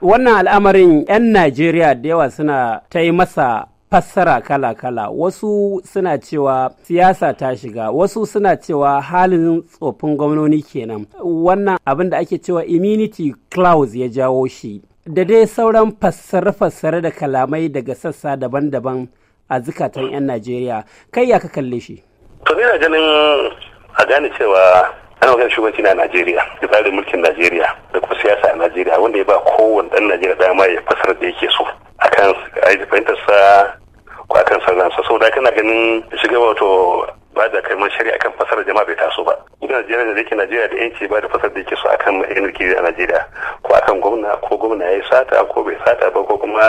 wannan al'amarin 'yan Najeriya da yawa suna ta yi masa fassara kala-kala wasu suna cewa siyasa ta shiga wasu suna cewa halin tsofin gwamnoni kenan wannan abin da ake cewa immunity clause ya jawo shi da dai sauran fassare-fassare da kalamai daga sassa daban-daban a zukatan 'yan najeriya kai ya ka kalle shi to ni ganin a gane cewa ana shugabanci na najeriya da mulkin najeriya wanda ya ba kowane ɗan najeriya dama ya fasar da yake so akan fahimtar sa ko akan sarransa saboda kana ganin shiga wato ba da kalmar shari'a akan fasar jama'a bai taso ba idan najeriya da yake najeriya da yanci ba da fasar da yake so akan yanarki a najeriya ko akan gwamna ko gwamna ya yi sata ko bai sata ba ko kuma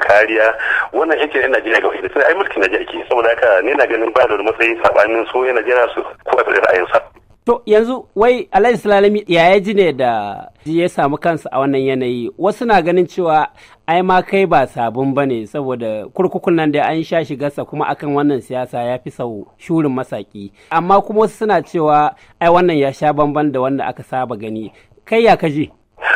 kariya wannan yake yan najeriya gaba ɗaya ai mulkin najeriya ke saboda haka ne na ganin ba da matsayi sabanin so yan najeriya su ko a ra'ayinsa To yanzu wai Alhaji Salalami ya ji ne da ya samu kansa a wannan yanayi wasu na ganin cewa ai ma kai ba sabon ba ne saboda kurkukun nan da an sha shigarsa kuma akan wannan siyasa ya fi sau shurin masaki amma kuma wasu suna cewa ai wannan ya sha bamban da wanda aka saba gani kai ya kaji.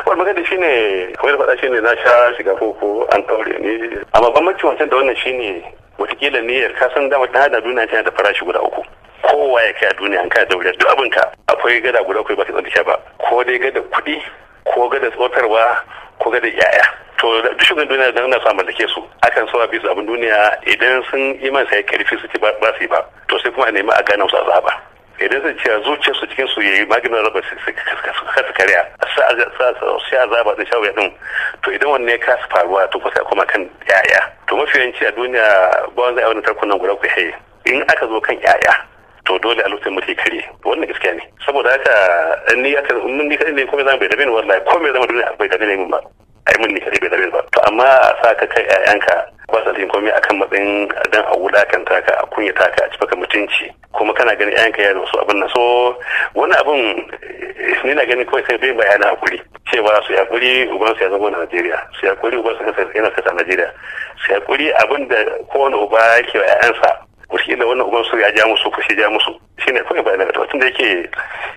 wani magana shi ne kamar faɗa shi ne na sha shiga koko an kawar ne amma bambancin wancan da wannan shi ne watakila niyyar kasan dama ta hada duniya tana da farashi guda uku kowa ya kai a duniya an kai a wuri duk abinka akwai gada guda akwai baka tsallake ba ko dai gada kuɗi ko gada tsotarwa ko gada yaya to duk shugaban duniya da na samu mallake su akan so a bisu abin duniya idan sun yi sai karfi su ci ba su yi ba to sai kuma a nemi a gane su azaba idan sun ce zuciyar su cikin su yayi maganin raba su kasa kariya sai azaba da shawo din to idan wanne ya kasa faruwa to kuma sai kuma kan yaya to mafi a duniya ba wanda ya wani tarkon nan guda ku haye in aka zo kan yaya to dole a lokacin mutum kare wannan gaskiya ne saboda haka ni ya kan in ni kare ne komai zama bai dabe ni wallahi komai zama duniya bai dabe ne mun ba ai mun ni kare bai dabe ni ba to amma a sa ka kai ƴaƴanka ba sa jin komai akan matsayin dan a kan taka a kunya taka a cika ka mutunci kuma kana ganin ƴaƴanka ya wasu abin nan so wani abun ni na ganin kawai sai bai bayana hakuri cewa su yakuri uban su ya zama na Najeriya su yakuri uban su yana kasa Najeriya su yakuri abin da kowane uba yake wa ƴaƴansa wataƙila wannan uban su ya ja musu ko shi ja musu shi ne kawai bayan daga tun da yake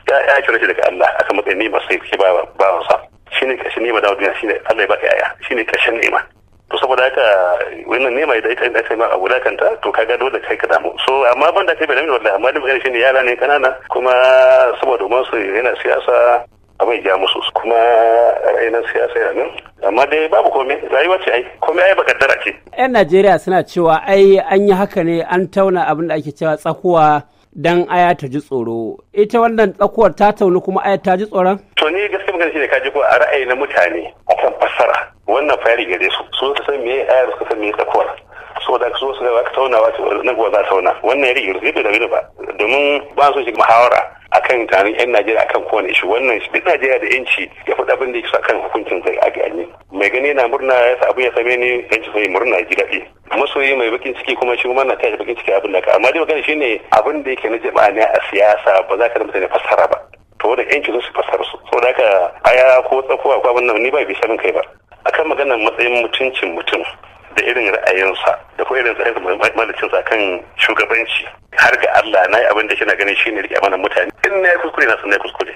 ya ya kira shi daga Allah aka matsayi nima sai ke ba ba sa shi ne kashin nima da duniya shi ne Allah ya baka yaya shi ne kashin nima to saboda haka wannan nema da ita da sai ma a wulakanta to kaga dole kai ka damu so amma ban da kai bai da wallahi amma da magana ne yara ne kanana kuma saboda uban su yana siyasa abin ja musu kuma ra'ayin siyasa ya nan amma dai babu komai rayuwa ce ai komai ai bakaddara ce yan najeriya suna cewa ai an yi haka ne an tauna abin da ake cewa tsakuwa dan aya ta ji tsoro ita wannan tsakuwar ta tauni kuma aya ta ji tsoron to ni gaskiya magana ka kaji ko a ra'ayi na mutane a kan fassara wannan fayari gare su su san me aya suka san me tsakuwar da su su ga su na gwa za tauna wannan ya rige rufe da ba domin ba su shiga muhawara akan tarin yan najeriya akan kowane ishu wannan duk najeriya da yanci ya faɗa abin da yake kan hukuncin zai ake gani mai gani na murna ya sa abin ya same ni yanci sai murna ya ji daɗi masoyi mai bakin ciki kuma shi kuma na tashi bakin ciki abin da ka amma dai magana shine abin da yake na jama'a ne a siyasa ba za ka da mutane fassara ba to da yanci su fassara su da ka aya ko tsakuwa ko abin nan ni ba bi shamin kai ba akan maganar matsayin mutuncin mutum da irin ra'ayinsa da ko irin tsayin malicinsa kan shugabanci har ga Allah na yi abin da shi na ganin shi ne rike mana mutane in na yi kuskure na sun na yi kuskure